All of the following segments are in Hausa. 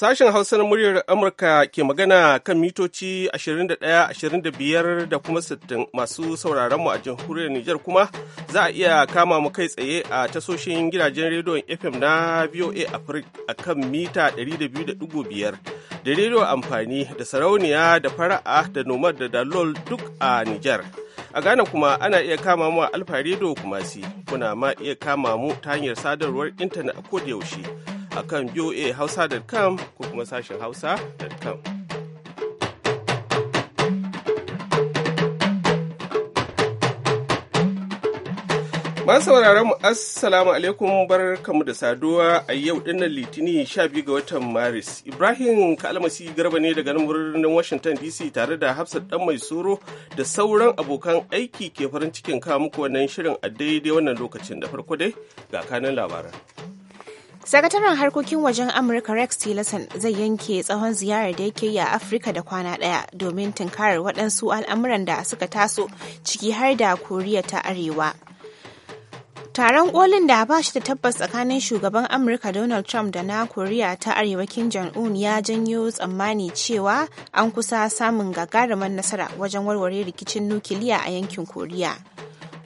Sashen Hausa na muryar Amurka ke magana kan mitoci 21-25 da kuma 60 masu sauraron mu a jamhuriyar Nijar kuma za a iya kama mu kai tsaye a tasoshin gidajen rediyon FM na VOA Africa a kan mita 200.5 da rediyo amfani da sarauniya da fara'a da nomad da dalol duk a Nijar. a Ghana kuma ana iya kama mu a Alfa Radio kuma si kuna ma iya kama mu ta hanyar sadarwar intanet a koda yaushe a kan voahausa.com ko kuma sashen hausa.com. Masu sauraron mu assalamu alaikum bar da saduwa a yau dinnan litini 12 ga watan Maris. Ibrahim Kalmasi Garba ne daga birnin Washington DC tare da Hafsat dan mai soro da sauran abokan aiki ke farin cikin kawo muku wannan shirin a daidai wannan lokacin da farko dai ga kanan labaran. sakataren harkokin wajen amurka rex tillerson zai yanke tsawon ziyarar da yake yi a afirka da kwana daya domin tunkarar waɗansu al'amuran da suka taso ciki har da koriya ta arewa taron kolin da ba shi da tabbas tsakanin shugaban amurka donald trump da na koriya ta arewa kim jong-un ya janyo tsammani cewa an kusa samun gagarumar nasara wajen warware rikicin nukiliya a yankin koriya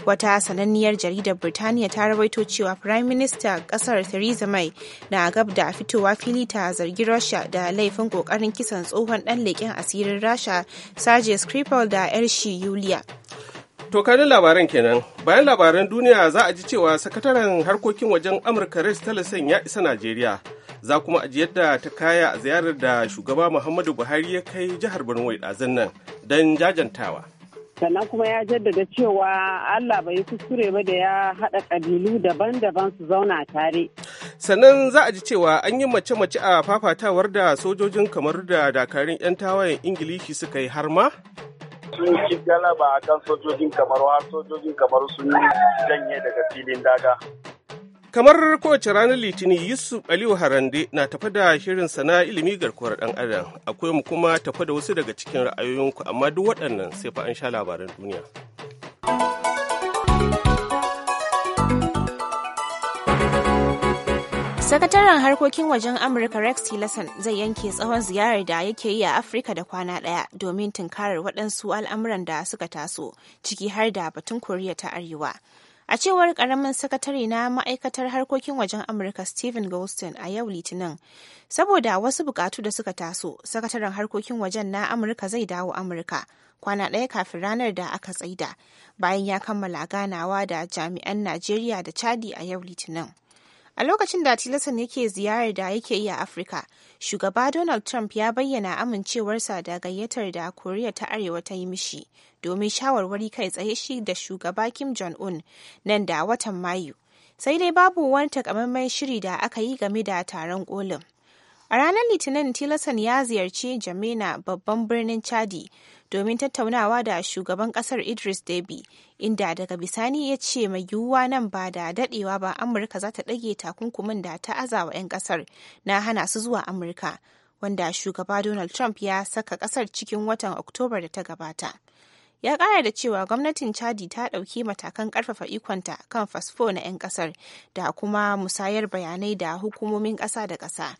Wata sananniyar jaridar Birtaniya ta rawaito cewa Prime Minister kasar Theresa May na gab da fitowa fili ta zargi Russia da laifin kokarin kisan tsohon dan leƙen asirin Rasha Sergei Skripal da 'yar shi Yulia. To kanin labaran kenan bayan labaran duniya za a ji cewa sakataren harkokin wajen Amurka Rex Tillerson ya isa Najeriya. Za kuma a ji yadda ta kaya a ziyarar da shugaba Muhammadu Buhari ya kai jihar Borno ɗazun nan don jajantawa. sannan kuma ya jaddada cewa Allah bai yi kuskure ba da ya haɗa ƙabilu daban-daban su zauna tare. Sannan za a ji cewa an yi mace-mace a fafatawar da sojojin kamar da dakarun 'yan tawayen Ingilishi suka yi har ma? sun ci galaba kan sojojin kamar har sojojin kamar sun janye daga filin daga. Kamar kowace ranar Litinin Yusuf Aliyu Harande na tafa da shirin sana ilimi garkuwar ɗan adam. Akwai mu kuma tafa da wasu daga cikin ra'ayoyinku amma duk waɗannan sai fa an sha labaran duniya. Sakataren harkokin wajen Amurka Rex Tillerson zai yanke tsawon ziyarar da yake yi a Afirka da kwana ɗaya domin tunkarar waɗansu al'amuran da suka taso, ciki har da batun Koriya ta Arewa. A cewar karamin sakatare na ma'aikatar harkokin wajen Amurka Stephen Goldstein a yau Litinin, saboda wasu bukatu da suka taso, sakataren harkokin wajen na Amurka zai dawo Amurka kwana ɗaya kafin ranar da aka tsaida, bayan ya kammala ganawa da jami'an Najeriya da Chadi a yau Litinin. A lokacin da Tillerson yake ziyarar da yake yi a Afirka, shugaba Donald Trump ya bayyana amincewarsa da gayyatar da Koriya ta Arewa ta yi mishi domin shawarwari kai tsaye shi da shugaba Kim Jong-un nan da watan Mayu. Sai dai babu wani takamaiman shiri da aka yi game da taron kolin. A ranar Litinin Tillerson ya ziyarci Jamena babban birnin Chadi domin tattaunawa da shugaban kasar Idris Deby, inda daga bisani ya ce mai yiwuwa nan ba da dadewa ba Amurka za ta ɗage takunkumin da ta azawa 'yan kasar na hana su zuwa Amurka, wanda shugaba Donald Trump ya saka kasar cikin watan Oktobar da ta gabata. ya kara da cewa gwamnatin chadi ta ɗauki matakan ƙarfafa ikonta kan fasfo na 'yan ƙasar da kuma musayar bayanai da hukumomin ƙasa da ƙasa.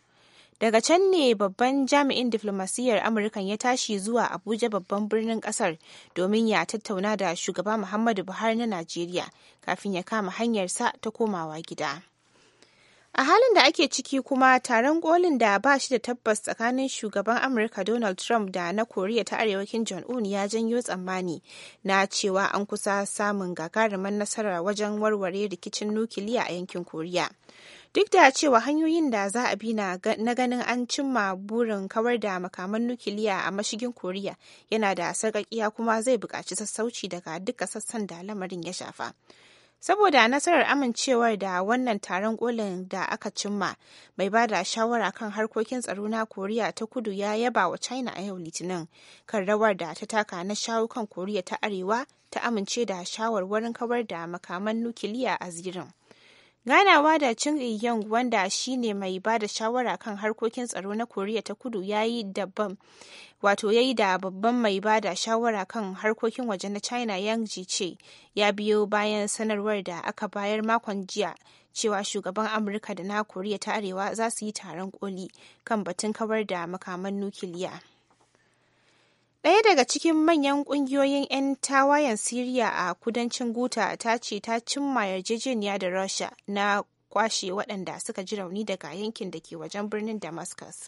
Daga can ne babban jami'in diflomasiyyar Amurkan ya tashi zuwa Abuja babban birnin kasar domin ya tattauna da shugaba Muhammadu Buhari na Najeriya kafin ya kama hanyarsa ta komawa gida. A halin da ake ciki kuma taron kolin da ba shi da tabbas tsakanin shugaban Amurka Donald Trump da na Koriya ta Arewa Kim Jong-un ya janyo tsammani na cewa an kusa samun gagarumin nasara wajen warware rikicin nukiliya a yankin Koriya. duk da cewa hanyoyin da za a bi na ganin an cimma burin kawar da makaman nukiliya a mashigin koriya yana da sarƙaƙiya kuma zai buƙaci sassauci daga duka sassan da lamarin ya shafa saboda nasarar amincewar da wannan taron kolin da aka cimma mai ba da shawara kan harkokin tsaro na koriya ta kudu ya yaba wa china a yau litinin kan rawar da ta taka na shawo kan koriya ta arewa ta amince da shawarwarin kawar da makaman nukiliya a zirin Ganawa da Chung yong wanda shi ne mai ba da shawara kan harkokin tsaro na Koriya ta Kudu ya yi da babban mai ba da shawara kan harkokin waje na China Yang ce ya biyo bayan sanarwar da aka bayar makon jiya cewa shugaban Amurka da na Koriya ta Arewa za su yi taron koli kan batun kawar da makaman nukiliya. Ɗaya daga cikin manyan ƙungiyoyin 'yan tawayen Siriya a kudancin Guta ta ce ta cimma yarjejeniya da Rasha na kwashe waɗanda suka ji rauni daga yankin da ke wajen birnin Damascus.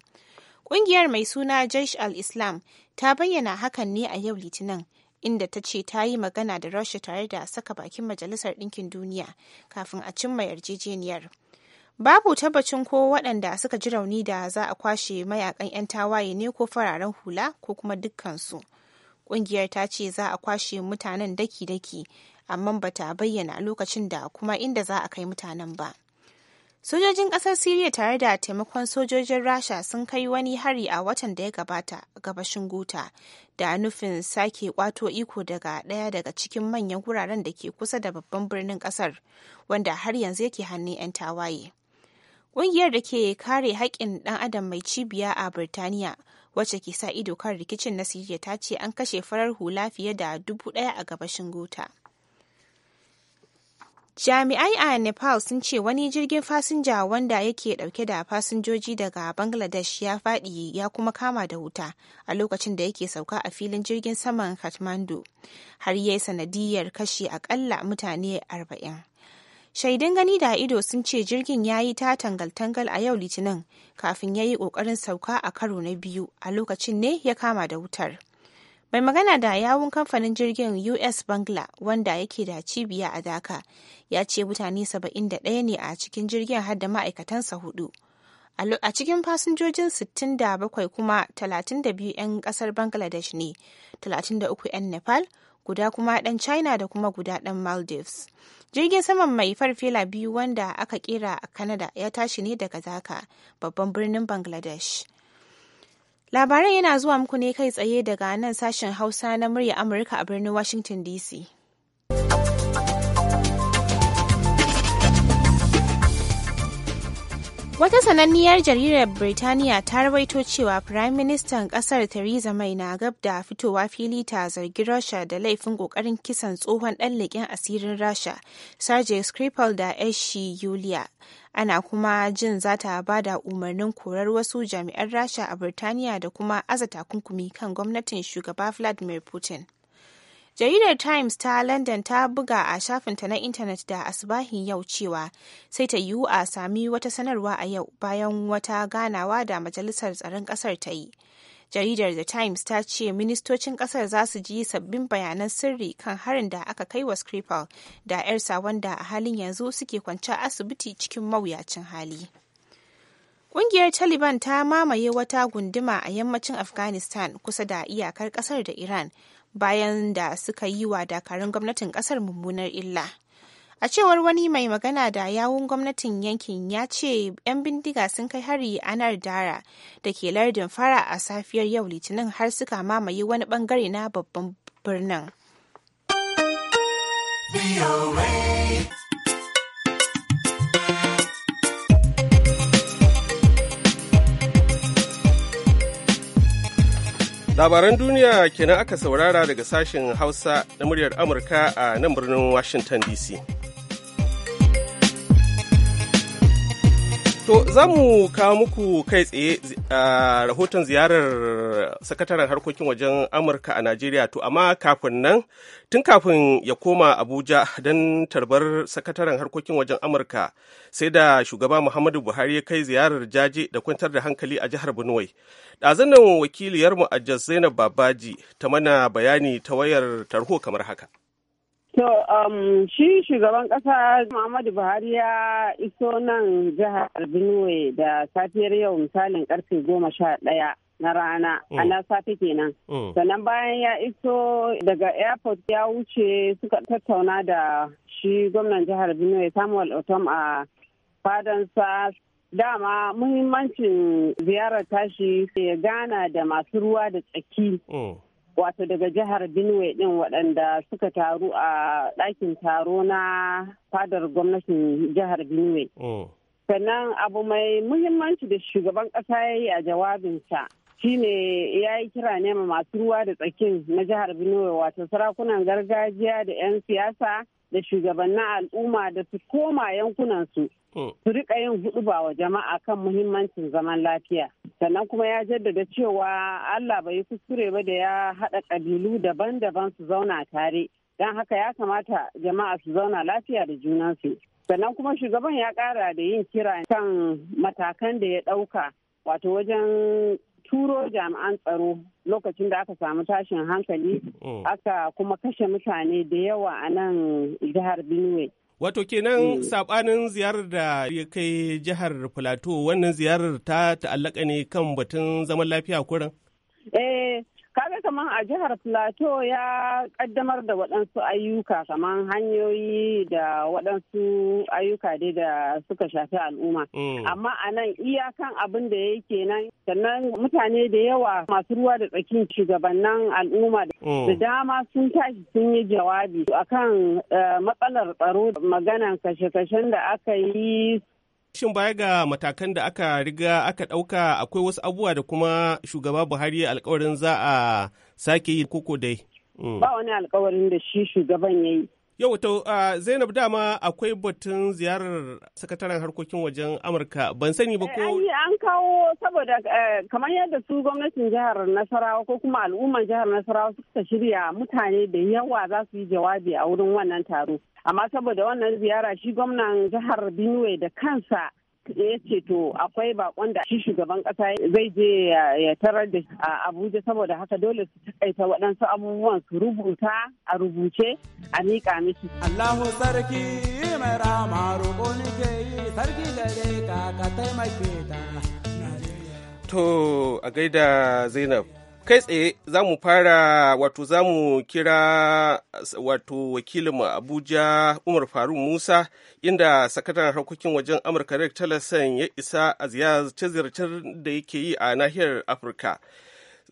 Ƙungiyar mai suna Jaish al-Islam ta bayyana hakan ne a yau Litinin, inda ta ce ta yi magana da Rasha tare da saka bakin Majalisar Ɗinkin Duniya kafin a cimma yarjejeniyar. Babu tabbacin ko waɗanda suka ji rauni da za a kwashe mayakan 'yan tawaye ne ko fararen hula ko kuma dukkansu. Ƙungiyar ta ce za a kwashe mutanen daki-daki, amma ba ta bayyana lokacin da kuma inda za a kai mutanen ba. Sojojin ƙasar Siriya tare da taimakon sojojin Rasha sun kai wani hari a watan da ya gabata gabashin Guta da nufin sake kwato iko daga ɗaya daga cikin manyan guraren da ke kusa da babban birnin ƙasar wanda har yanzu yake hannun 'yan tawaye. Ƙungiyar da ke kare haƙƙin ɗan adam mai cibiya a Birtaniya wacce ke sa ido kan rikicin na Siriya ta ce an kashe farar hula fiye da dubu ɗaya a gabashin Gota. Jami'ai a Nepal sun ce wani jirgin fasinja wanda yake ɗauke da fasinjoji daga Bangladesh ya faɗi ya kuma kama da wuta a lokacin da yake sauka a filin jirgin saman Kathmandu har yayi sanadiyar kashe akalla mutane arba'in. shaidun gani da ido sun ce jirgin ya yi ta tangal-tangal a yau litinin kafin ya yi ƙoƙarin sauka a karo na biyu a lokacin ne ya kama da wutar mai magana da yawun kamfanin jirgin us bangla wanda yake da cibiya a daka ya ce mutane 71 ne a cikin jirgin har da ma'aikatansa hudu a cikin fasinjojin 67 kuma 32 'yan kasar bangladesh ne 33 'yan nepal guda kuma ɗan China da kuma guda ɗan Maldives. Jirgin saman mai farfela biyu wanda aka kera a Canada ya tashi ne daga zaka babban birnin Bangladesh. Labaran yana zuwa muku ne kai tsaye daga nan sashen Hausa na murya Amurka a birnin Washington DC. Wata sananniyar jaridar Birtaniya ta rawaito cewa Firayim Ministan ƙasar Theresa May na gab da fitowa fili ta zargi Rasha da laifin ƙoƙarin kisan tsohon ɗan leƙen asirin Rasha, Sergei Skripal da Eshi Yulia. Ana kuma jin zata ta ba da umarnin korar wasu jami'an Rasha a Birtaniya da kuma aza takunkumi kan gwamnatin shugaba Vladimir Putin. Jaridar Times ta London ta buga a shafinta na intanet da asibahin yau cewa sai ta yiwu a sami wata sanarwa a yau bayan wata ganawa da Majalisar Tsaron kasar ta yi. Jaridar The Times ta ce ministocin kasar za su ji sabbin bayanan sirri kan harin da aka kai wa Skripal da 'yarsa wanda a halin yanzu suke kwance asibiti cikin mawuyacin hali. Ƙungiyar Taliban ta mamaye wata gunduma a yammacin Afghanistan kusa da iyakar kasar da Iran bayan da suka yi wa dakarun gwamnatin kasar mummunar illa. A cewar wani mai magana da yawun gwamnatin yankin ya ce 'yan bindiga sun kai hari anar dara da ke lardin fara a safiyar yau litinin har suka mamaye wani bangare na babban birnin. Labaran duniya kenan aka saurara daga sashen Hausa na muryar Amurka a nan birnin Washington DC. To za mu kawo muku kai tsaye a rahoton ziyarar sakataren harkokin wajen Amurka a Najeriya to amma kafin nan tun kafin ya koma Abuja don tarbar sakataren harkokin wajen Amurka sai da shugaba Muhammadu Buhari ya kai ziyarar jaje da kwantar da hankali a jihar Benue. Ɗazun nan wakiliyarmu a Zainab Babaji ta mana bayani ta wayar tarho kamar haka. To, so, um, shi shugaban ƙasa Muhammadu Buhari ya iso nan jihar Benue da safiyar yau misalin karfe goma sha ɗaya na rana, a mm. na safe kenan. Mm. Sannan bayan ya iso daga airport ya wuce suka tattauna da shi gwamnan jihar Benue Samuel Otom a fadansa dama muhimmancin ziyarar tashi ya gana da masu ruwa da tsaki mm. wato daga jihar Benue din waɗanda suka taru a ɗakin taro na fadar gwamnatin jihar Benue. Oh. Sannan abu mai muhimmanci da shugaban ƙasa ya yi a jawabinsa shine ya yi kira nema masu ruwa da tsakin na jihar Benue wato sarakunan gargajiya da 'yan siyasa da shugabannin al'umma da su koma yankunansu oh. su rika yin huduba wa jama'a kan muhimmancin zaman lafiya. sannan kuma ya jaddada cewa allah bai kuskure ba da ya haɗa ƙabilu daban-daban su zauna tare don haka ya kamata jama'a su zauna lafiya da junansu sannan kuma shugaban ya ƙara da yin kira kan matakan da ya ɗauka wato wajen turo jami'an tsaro lokacin da aka samu tashin hankali mm. aka kuma kashe mutane da yawa a nan jihar benue Wato kenan mm. saɓanin ziyarar da ya kai jihar Filato wannan ziyarar ta ta'allaka ne kan batun zaman lafiya kurin Eh, kaga kamar a jihar plateau ya kaddamar da waɗansu ayyuka Kamar hanyoyi da waɗansu ayyuka dai da suka shafi al'umma mm. amma a nan iyakan abin da yake nan sannan mutane da yawa masu ruwa da tsakin shugabannin al'umma da mm. dama sun tashi sun yi jawabi akan eh, matsalar tsaro maganan kashe-kashen da aka yi Shin baya ga matakan da aka riga aka ɗauka akwai wasu abubuwa da kuma shugaba Buhari alkawarin za a sake yi koko dai? Mm. Ba wani alkawarin da shi shugaban ya yi. Yau to uh, Zainab dama akwai batun ziyarar sakataren harkokin wajen Amurka ban sani ba ko eh, an kawo saboda eh, kamar yadda su gwamnatin jihar Nasarawa ko kuma al'umman jihar Nasarawa suka shirya mutane da yawa za su yi jawabi a wurin wannan taro amma saboda wannan ziyara shi gwamnan jihar Benue da kansa ya ce to akwai bakon da shi shugaban kasa zai je ya tarar da abuja saboda haka dole su takaita waɗansu abubuwan su rubuta a rubuce a miƙa miki. allahu sarki mai rama roƙo ke yi sarki da ka ka taimake ta. to a gaida zainab kai tsaye za mu fara wato za mu kira wato wakilinmu abuja umar faruk musa inda sakataren harkokin wajen amurka rick tillerson ya isa a ziyarce-ziyarcen da yake yi a nahiyar afirka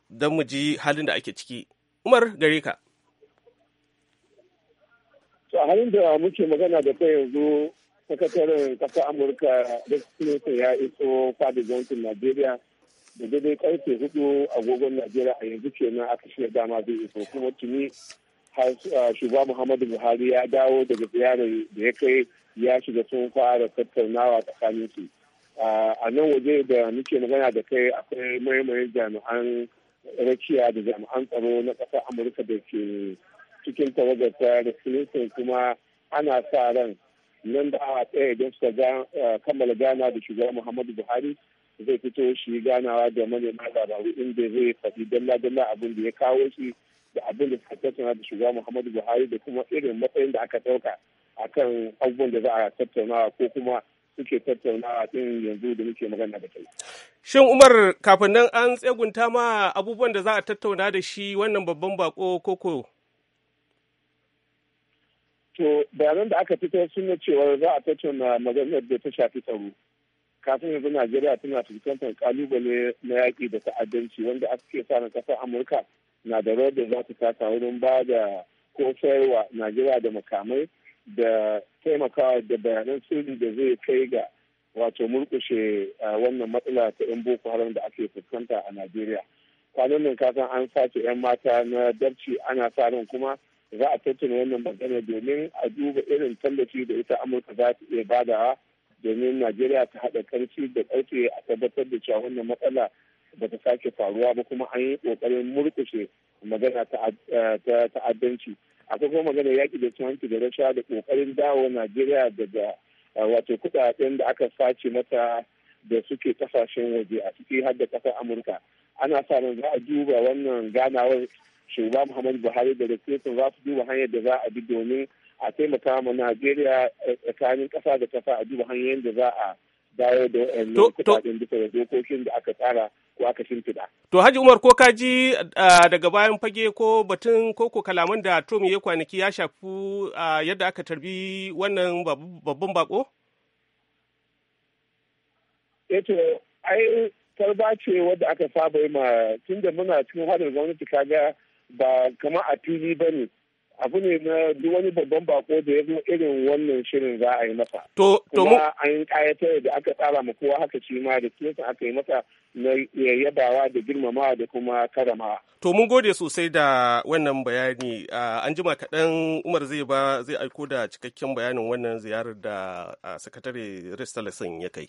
don mu ji halin da ake ciki umar gare ka a halin da muke magana da kai yanzu sakataren kasar amurka da ya iso fadi johnson nigeria. da daidai karfe hudu agogon najeriya a yanzu kenan aka shirya dama zai iso kuma tuni shugaba muhammadu buhari ya dawo daga ziyarar da ya kai ya shiga sun fara tattaunawa tsakanin su a nan waje da muke magana da kai akwai maimayin jami'an rakiya da jami'an tsaro na ƙasar amurka da ke cikin tawagar ta da kuma ana sa ran nan da awa ɗaya idan ta kammala gana da shugaban muhammadu buhari zai fito shi ganawa da manema labaru inda zai faɗi dalla-dalla abin da ya kawo shi da abin da suka tattauna da shugaba muhammadu buhari da kuma irin matsayin da aka ɗauka kan abubuwan da za a tattaunawa ko kuma suke tattaunawa din yanzu da muke magana da kai. Shin Umar kafin nan an tsegunta ma abubuwan da za a tattauna da shi wannan babban bako koko? To bayanan da aka fitar sun cewa za a tattauna maganar da ta shafi tsaro. kafin yanzu najeriya tana fuskantar kalubale na yaƙi da ta'addanci wanda aka ke sa na ƙasar amurka na da rawar da za ta taka wurin ba da kosarwa najeriya da makamai da taimakawa da bayanan sirri da zai kai ga wato murkushe wannan matsala ta 'yan boko haram da ake fuskanta a najeriya kwanan nan kasan an sace 'yan mata na darci ana sa ran kuma za a tattauna wannan magana domin a duba irin tallafi da ita amurka za ta iya badawa domin najeriya ta haɗa ƙarfi da ƙarfe a tabbatar da cewa wannan matsala ba ta sake faruwa ba kuma an yi ƙoƙarin murƙushe magana ta ta'addanci akwai kuma magana yaƙi da cin hanci da rasha da ƙoƙarin dawo najeriya daga wato kuɗaɗen da aka sace mata da suke kasashen waje a ciki har da ƙasar amurka ana sa ran za a duba wannan ganawar shugaba muhammadu buhari da rikicin za su duba hanyar da za a bi domin a taimaka ma Najeriya eh, tsakanin ƙasa da ƙasa a duba hanyoyin da za a dawo da wa'annan kuɗaɗen da dokokin da aka tsara ko aka shimfiɗa. To Haji Umar ko ka ji daga bayan fage ko batun ko ko kalaman da Trump ya kwanaki ya shafi yadda aka tarbi wannan babban bako? Eto, eh, ai tarba ce wadda aka saba yi ma tun da muna cikin hadar gwamnati kaga ba kama a fili ba ne. abu ne na duk wani babban bako da ya zo irin wannan shirin za a yi masa. To, to mu. an da aka tsara ma kowa haka shi ma da kesa aka yi masa na yabawa da girmamawa da kuma karamawa. To, mun gode sosai da wannan bayani. an jima kaɗan Umar zai ba zai aiko da cikakken bayanin wannan ziyarar da sakatare Ristalasin ya kai.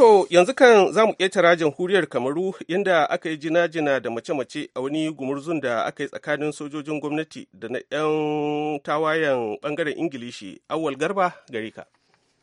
To yanzu kan za mu rajin huriyar Kamaru inda aka yi jina-jina da mace-mace a wani gumurzun da aka yi tsakanin sojojin gwamnati da na 'yan tawayen ɓangaren Ingilishi, Awwal Garba gare ka.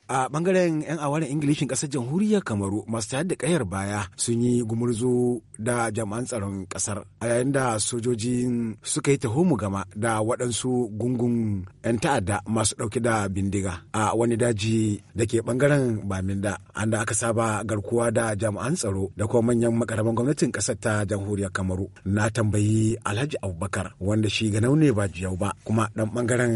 a bangaren 'yan awarin ingilishin kasar jamhuriyar kamaru masu tayar da kayar baya sun yi gumurzu da jama'an tsaron kasar a yayin da sojojin suka yi mu gama da waɗansu gungun 'yan ta'adda masu ɗauke da bindiga a wani daji da ke bangaren baminda an da aka saba garkuwa da jama'an tsaro da kuma manyan makaraban gwamnatin kasar ta jamhuriyar kamaru na tambayi alhaji abubakar wanda shi ga ne ba jiyau ba kuma ɗan bangaren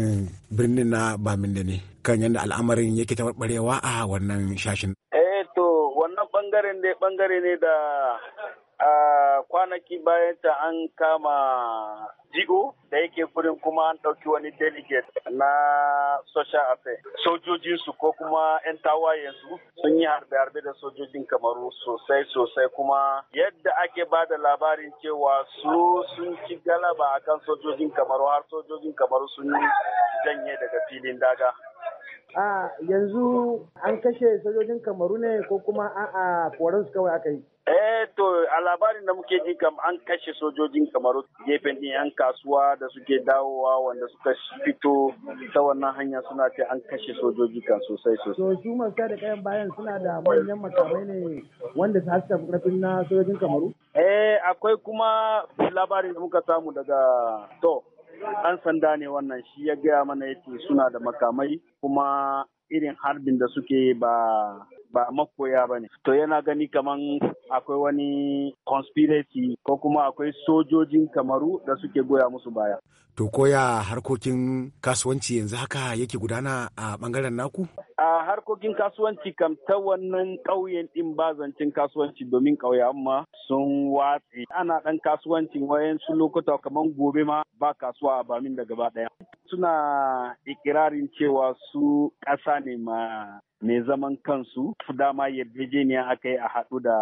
birnin na baminda ne kan yadda al'amarin yake taɓarɓarewa a wannan shashin. Eh to wannan ɓangaren dai ɓangare ne da kwanaki bayan ta an kama jigo da yake gurin kuma an ɗauki wani delegate na social affairs sojojinsu ko kuma 'yan tawayensu sun yi harbe-harbe da sojojin kamaru sosai-sosai kuma yadda ake ba da labarin cewa su sun ci galaba akan sojojin kamaru har sojojin kamaru sun yi janye daga filin daga a yanzu an kashe sojojin kamaru ne ko kuma a koransu kawai aka yi Eh to a labarin da muke ji kam an kashe sojojin kamaru gefen ɗin yan kasuwa da suke dawowa wanda suka fito ta wannan hanya suna ce an kashe sojoji kan sosai sosai. To su masu da kayan bayan suna da manyan makamai ne wanda su haska karfin na sojojin kamaru? Eh akwai kuma labarin da muka samu daga to dan sanda ne wannan shi ya gaya mana yace suna da makamai kuma irin harbin da suke ba ba makoya ba ne. To yana gani kaman akwai wani conspiracy ko kuma akwai sojojin kamaru da suke goya musu baya. To koya harkokin kasuwanci yanzu haka yake gudana a bangaren naku? A harkokin kasuwanci kam ta wannan ƙauyen ɗin bazancin kasuwanci domin ƙauyen ma sun watse. Ana ɗan kasuwancin wayansu lokuta kamar gobe ma ba kasuwa a bamin da gaba ɗaya. Suna ikirarin cewa su ƙasa ne ma mai zaman kansu dama yarjejeniya aka yi a haɗu da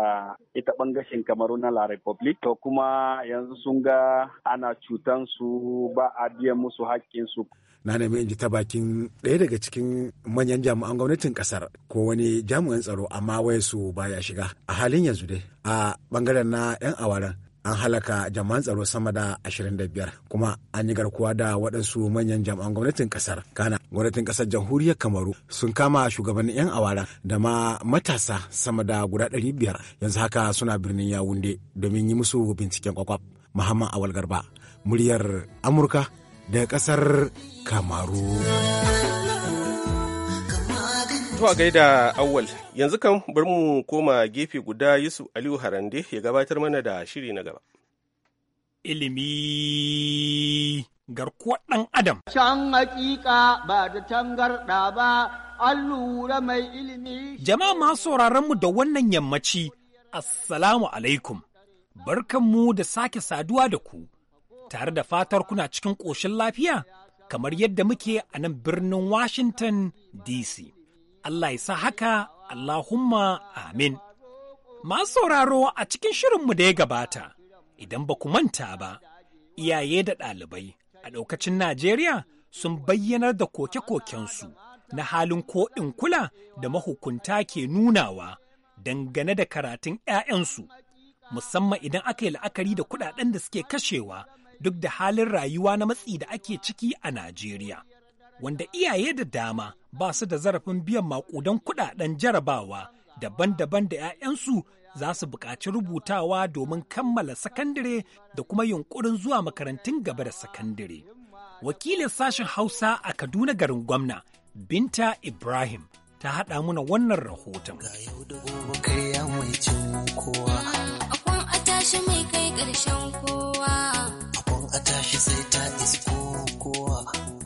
ita ɓangashin kamaru na la republic to kuma yanzu sun ga ana cutan su ba a biyan musu haƙƙinsu. na nemi in ji ta bakin ɗaya daga cikin manyan jami'an gwamnatin ƙasar ko wani jami'an tsaro amma wai su baya shiga a halin yanzu dai a ɓangaren na 'yan awaren an halaka jama'an tsaro sama da 25 kuma an yi garkuwa da waɗansu manyan jami'an gwamnatin ƙasar kana gwamnatin kasar jamhuriyar kamaru sun kama shugabannin 'yan awara da ma matasa sama da guda ɗari biyar. yanzu haka suna birnin yawunde domin yi musu binciken kwakwaf muhammad awal garba muryar amurka daga kasar kamaru to a gaida awwal yanzu kan bar mu koma gefe guda yusuf aliyu harande ya gabatar mana da shiri na gaba ilimi garkuwar ɗan adam. Can hakika ba da tangarɗa ba, an lura mai ilimi. Jama'a masu mu da wannan yammaci, Assalamu alaikum, barkanmu da sake saduwa da ku, tare da fatar kuna cikin ƙoshin lafiya, kamar yadda muke a nan birnin Washington DC. Allah ya sa haka, Allahumma amin. Ma sauraro a cikin shirinmu da ya gabata, idan ba ku manta ba, iyaye da ɗalibai. ɗaukacin Najeriya sun bayyanar da koke-kokensu na halin ko kula da mahukunta ke nunawa dangane da karatun 'ya'yansu, musamman idan aka yi la'akari da kuɗaɗen da suke kashewa duk da halin rayuwa na matsi da ake ciki a Najeriya. Wanda iyaye da dama ba su da zarafin biyan maƙudan kuɗaɗen jarabawa daban-daban da 'ya'yansu za su buƙaci rubutawa domin kammala sakandare da kuma yunkurin zuwa makarantun gaba da sakandare. Wakilin sashen Hausa a Kaduna garin gwamna, Binta Ibrahim, ta haɗa muna wannan rahoton. sai ta isko kowa.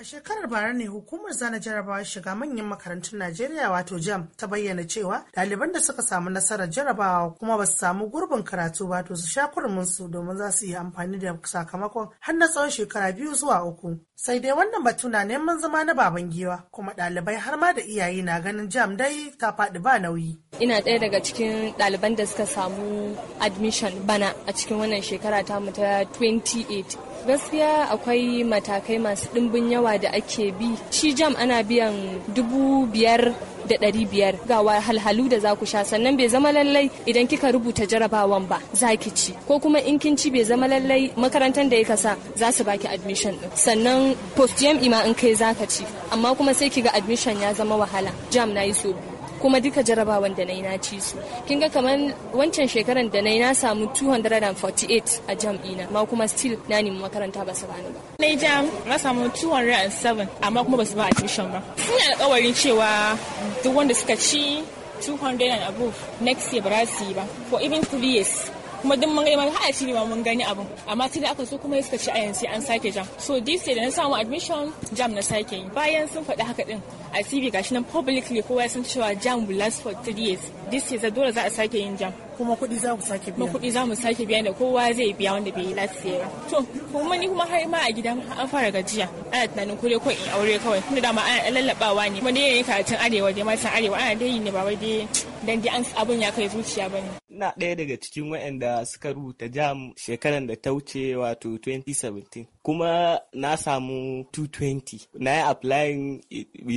A shekarar bara ne hukumar zana jarabawa shiga manyan makarantun Najeriya wato JAM ta bayyana cewa ɗaliban da suka samu nasarar jarabawa kuma ba su samu gurbin karatu ba to su sha su domin za su yi amfani da sakamakon har na tsawon shekara biyu zuwa uku. Sai dai wannan batu na neman zama na baban giwa kuma ɗalibai har ma da iyaye na ganin JAM dai ta faɗi ba nauyi. Ina ɗaya daga cikin ɗaliban da suka samu admission bana a cikin wannan shekara tamu ta 2018. gaskiya akwai matakai masu ɗimbin yawa da ake bi shi jam ana biyan dubu biyar da ɗari biyar ga wahalhalu da za ku sha sannan bai zama lallai idan kika rubuta jarabawan ba za ki ci ko kuma in kin ci bai zama lallai makarantar da ya kasa za su baki admission din sannan post jam ma in kai za ka ci amma kuma sai ki ga admission ya zama wahala jam na yi so kuma duka jarabawan da na yi na ci su kin ga kamar wancan shekaran da na yi na samu 248 a na ma kuma still na nemi makaranta ba su bani ba na jam na samu 207 amma kuma ba su ba a admission ba sun yi alkawarin cewa duk wanda suka ci 200 and above next year ba su yi ba for even three years kuma duk mun gani har a ci ma mun gani abin amma sai da aka so kuma suka ci a yanzu an sake jam so this year da na samu admission jam na sake yi bayan sun faɗi haka din a CV gashi nan publicly kowa ya san cewa jam will last for three years this year dole za a sake yin jam kuma kuɗi za mu sake biya kuɗi za mu sake biya da kowa zai biya wanda bai yi last year ba to kuma ni kuma har ma a gidan an fara gajiya ana tunanin kure ko in aure kawai tunda dama ana lallaɓawa ne kuma dai yayin karatun arewa dai matan arewa ana dai yi ne ba wai dai dan dai abun ya kai zuciya ba ne ina ɗaya daga cikin waɗanda suka rubuta jam shekaran da ta wuce wato 2017 kuma na samu 220 na yi applying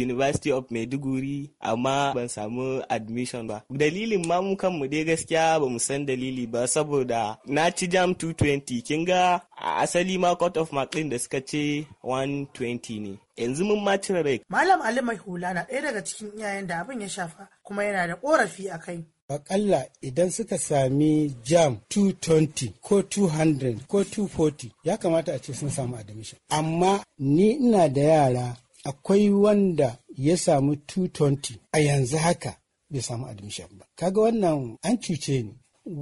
university of maiduguri amma ban samu admission ba dalilin ma mu kanmu dai gaskiya ba mu san dalili ba saboda na ci jam 220 kin ga a asali ma court of maclean da suka ce 120 ne yanzu mun ma cire rai malam ali mai hula na ɗaya daga cikin iyayen da abin ya shafa kuma yana da korafi a kai Akalla idan suka sami jam 220 ko 200 ko 240 ya kamata a ce sun samu admission. Amma ni ina da yara akwai wanda ya samu 220 a yanzu haka bai samu admission ba. Kaga wannan an cuce ni.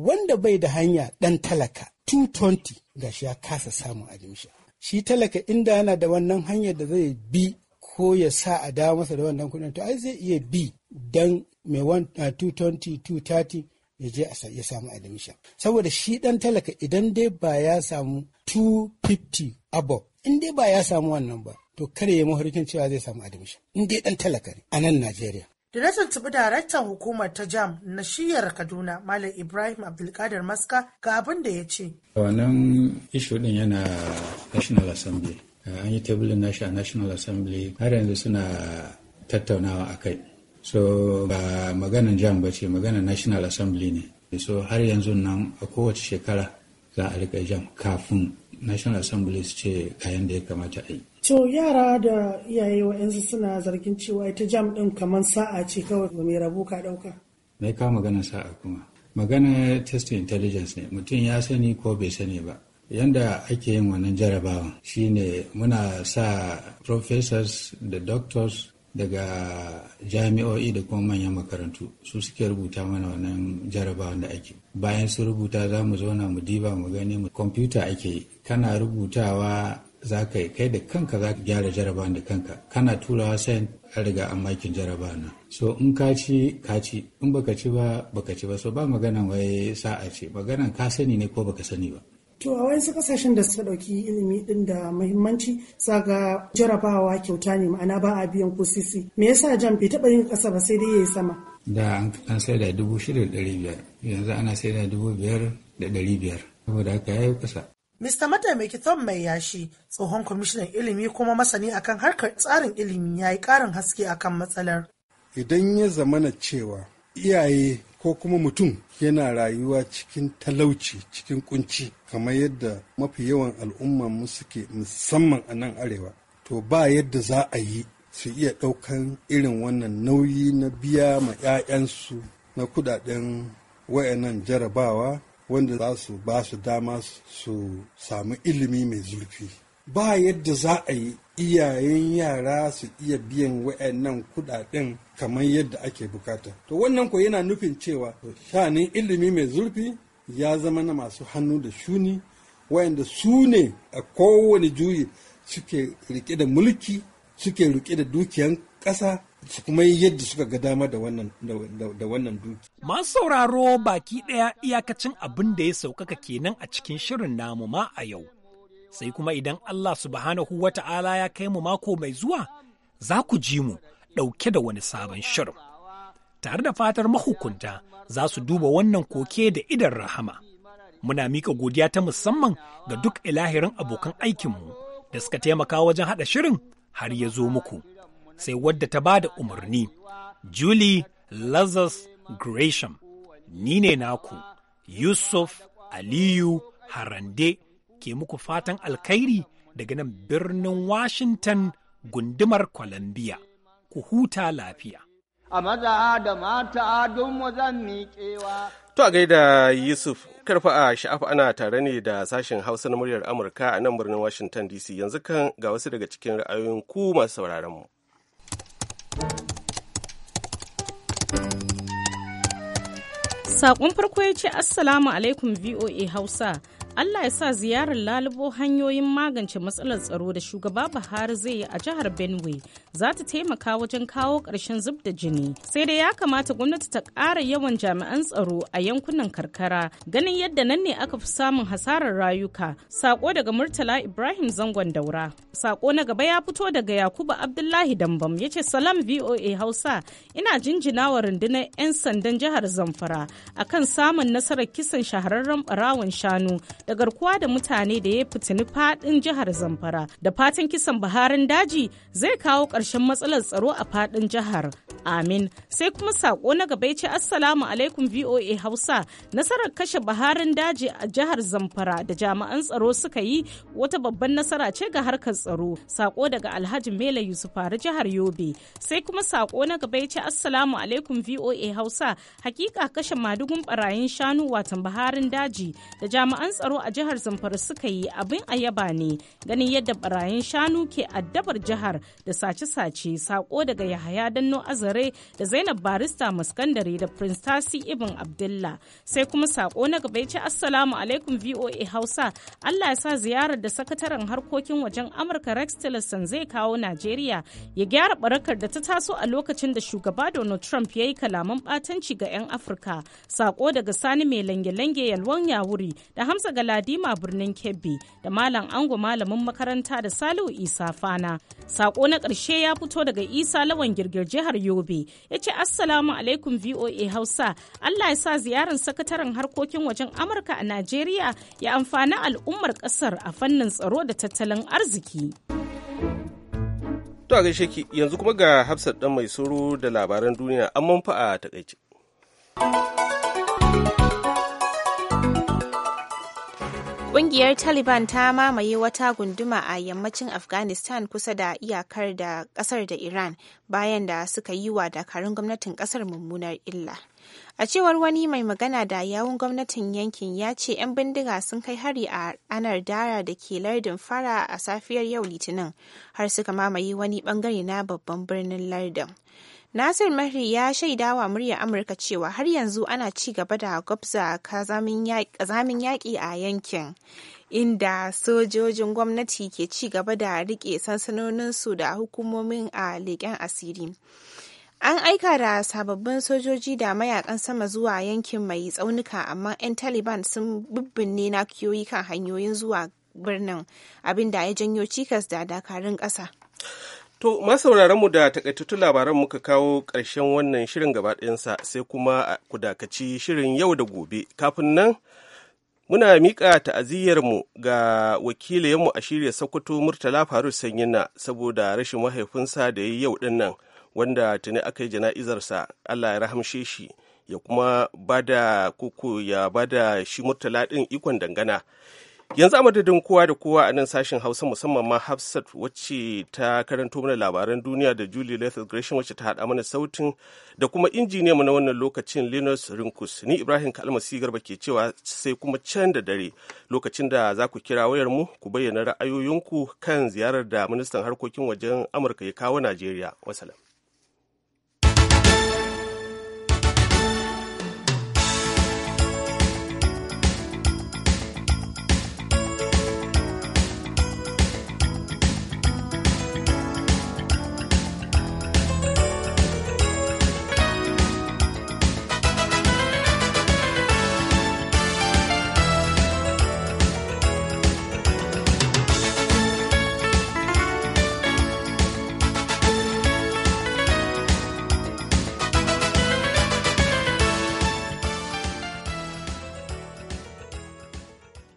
Wanda bai da hanya dan talaka 220 gashi ya kasa samun admission. Shi talaka inda yana da wannan hanyar da zai bi ko ya sa a dawo masa da wannan kuɗin to ai zai iya bi dan. mai 220 230 uh, ya je ya samu admission saboda shi ɗan talaka idan dai ba ya samu 250 above in dai ba ya samu wannan ba to kare ya mahorikin cewa zai samu admission in dai ɗan talaka ne a nan Najeriya Diretan tubi daraktan hukumar ta jam na shiyar Kaduna Malam Ibrahim Abdulkadir Maska ga abin da ya ce. Wannan ishu din yana National Assembly. An yi tebulin nashi a National Assembly har yanzu suna tattaunawa a kai. so ba maganan jam ba ce maganan national assembly ne so har yanzu nan a kowace shekara za a riƙa jam kafin national assembly su ce kayan da ya kamata a yi to yara da iyaye yanzu suna zargin cewa ita jam ɗin kamar sa'a ce kawai ba mai rabu ka ɗauka mai ka magana sa'a kuma magana test intelligence ne mutum ya sani ko bai sani ba yanda ake yin wannan jarabawan shine muna sa professors da doctors daga jami'o'i da kuma manyan makarantu su suke rubuta mana wannan jarabawan da ake bayan su rubuta za mu zauna mu diba mu gani mu kwamfuta ake kana rubutawa za ka yi kai da kanka za ka gyara jarabawan da kanka kana turawa sai an riga an makin jarabawa nan so in ka ci ka ci in baka ci ba baka ci ba so ba maganan wai sa'a ce maganan ka sani ne ko baka sani ba To a wasu kasashen da suka ɗauki ilimi ɗin da muhimmanci zaga jarabawa kyauta ne ma'ana ba a biyan ko sisi. Me yasa jam bai taɓa yin ƙasa ba sai dai ya yi sama? Da an sai da dubu shida da ɗari biyar yanzu ana sai da dubu biyar da ɗari biyar saboda haka ya yi ƙasa. Mr. Mataimaki Tom Mai Yashi, tsohon kwamishinan ilimi kuma masani akan harkar tsarin ilimi ya yi ƙarin haske akan matsalar. Idan ya zamana cewa iyaye ko kuma mutum yana rayuwa cikin talauci cikin kunci kamar yadda mafi yawan al'umma mu suke musamman a nan arewa to ba yadda za a yi su iya ɗaukan irin wannan nauyi na biya ma 'ya'yansu na kudaden wayannan jarabawa wanda za su ba su dama su samu ilimi mai zurfi ba yadda za a yi iyayen yara su iya biyan wa'annan kudaden kamar yadda ake bukata to wannan ko yana nufin cewa shanin ilimi mai zurfi ya zama na masu hannu da shuni wayanda su ne a kowane juyi suke rike da mulki suke rike da dukiyan ƙasa su kuma yi yadda suka ga dama da wannan da duki. Masu sauraro baki ɗaya iyakacin abin da ya sauƙaƙa kenan a cikin shirin namu ma a yau. sai kuma idan Allah subhanahu wa ta'ala ya kai mu mako mai zuwa za ku ji mu ɗauke da wani sabon shirin. Tare da fatar mahukunta za su duba wannan koke da idan rahama. Muna mika godiya ta musamman ga duk ilahirin abokan aikinmu da suka taimaka wajen haɗa shirin har ya zo muku. Sai wadda ta ba da umarni, Julie Lazarus Gresham, ni ne naku, Yusuf Aliyu Harande. ke muku fatan alkhairi daga nan birnin Washington gundumar Columbia. Ku huta lafiya. A maza da mata don miƙewa. To a gaida Yusuf, karfa a sha'afa ana tare ne da sashen Hausa na muryar Amurka a nan birnin Washington DC yanzu kan ga wasu daga cikin ra'ayoyin ku masu sauraron mu. Saƙon farko ya ce Assalamu alaikum VOA Hausa. Allah ya sa ziyarar lalubo hanyoyin magance matsalar tsaro da shugaba Buhari zai yi a jihar Benue za ta taimaka wajen kawo ƙarshen zub da jini. Sai dai ya kamata gwamnati ta ƙara yawan jami'an tsaro a yankunan karkara ganin yadda nan ne aka fi samun hasarar rayuka. Sako daga Murtala Ibrahim Zangon Daura. Sako na gaba ya fito daga Yakubu Abdullahi Dambam ya ce Salam VOA Hausa ina jinjina wa rundunar 'yan sandan jihar Zamfara akan samun nasarar kisan shahararren ɓarawon shanu da garkuwa da mutane da ya fitini fadin jihar Zamfara. Da fatan kisan baharin daji zai kawo ƙarshen matsalar tsaro a fadin jihar. Amin. Sai kuma saƙo na gaba ce Assalamu alaikum VOA Hausa. Nasarar kashe baharin daji a jihar Zamfara da jami'an tsaro suka yi wata babban nasara ce ga harkar tsaro. Sako daga Alhaji Mela Yusufari jihar Yobe. Sai kuma saƙo na gaba ce Assalamu alaikum VOA Hausa. Hakika kashe madugun barayin shanu watan baharin daji da jami'an tsaro a jihar Zamfara suka yi abin a yaba ne ganin yadda barayin shanu ke addabar jihar da sace-sace sako daga Yahaya Danno Azare da Zainab Barista Maskandare da Prince Tasi Ibn Abdullah. Sai kuma sako na gaba ce Assalamu alaikum VOA Hausa. Allah ya sa ziyarar da sakataren harkokin wajen Amurka Rex Tillerson zai kawo Najeriya ya gyara barakar da ta taso a lokacin da shugaba Donald Trump ya yi kalaman batanci ga 'yan Afirka. Sako daga Sani mai lange-lange yalwan yawuri da Hamza ga. ladima birnin Kebbi da Malam Ango malamin makaranta da Salihu Isa Fana. Sako na ƙarshe ya fito daga Isa Lawan Girgir jihar Yobe. Ya ce Assalamu alaikum VOA Hausa. Allah ya sa ziyarar sakataren harkokin wajen Amurka a Najeriya ya amfani al'ummar ƙasar a fannin tsaro da tattalin arziki. To a gaishe ki yanzu kuma ga Hafsat dan mai soro da labaran duniya an manfa a takaice. Ƙungiyar Taliban ta mamaye wata gunduma a yammacin Afghanistan kusa da iyakar da ƙasar da Iran bayan da suka yi wa dakarun gwamnatin ƙasar mummunar illa. A cewar wani mai magana da yawun gwamnatin yankin ya ce 'yan bindiga sun kai hari a ranar dara da ke lardin fara a safiyar yau litinin har suka mamaye wani bangare na babban birnin lardin. Nasir Mahri ya shaida wa muryar Amurka cewa har yanzu ana ci gaba da gwabza kazamin yaƙi a yankin. Inda sojojin gwamnati ke ci gaba da riƙe sansanoninsu da hukumomin a leƙen asiri. An aika da sababbin sojoji da mayakan sama zuwa yankin mai tsaunuka amma 'yan Taliban sun bibbinne nakiyoyi kan hanyoyin zuwa birnin abinda ya janyo cikas da dakarun ƙasa. To, masauraranmu da takaitattun labaran muka kawo ƙarshen wannan shirin gabaɗinsa sai kuma ku dakaci shirin yau da gobe. Kafin nan, muna miƙa ta'aziyyarmu ga wakilayenmu a shirya Sokoto Murtala Faru Sanyina saboda rashin mahaifinsa da ya yi yau ɗin nan, wanda tuni aka yi jana'izarsa, Allah ya rahamshe shi, ya kuma bada koko ya bada shi Murtala ɗin ikon dangana. yanzu a madadin kowa da kowa a nan sashen hausa musamman ma hafsat wacce ta karanto mana labaran duniya da julie lethal gresham wacce ta haɗa mana sautin da kuma injiniya mu na wannan lokacin linus rinkus ni ibrahim kalmasi garba ke cewa sai kuma can da dare lokacin da za ku kira wayar mu ku bayyana ra'ayoyinku kan ziyarar da ministan harkokin wajen amurka ya kawo najeriya wasalam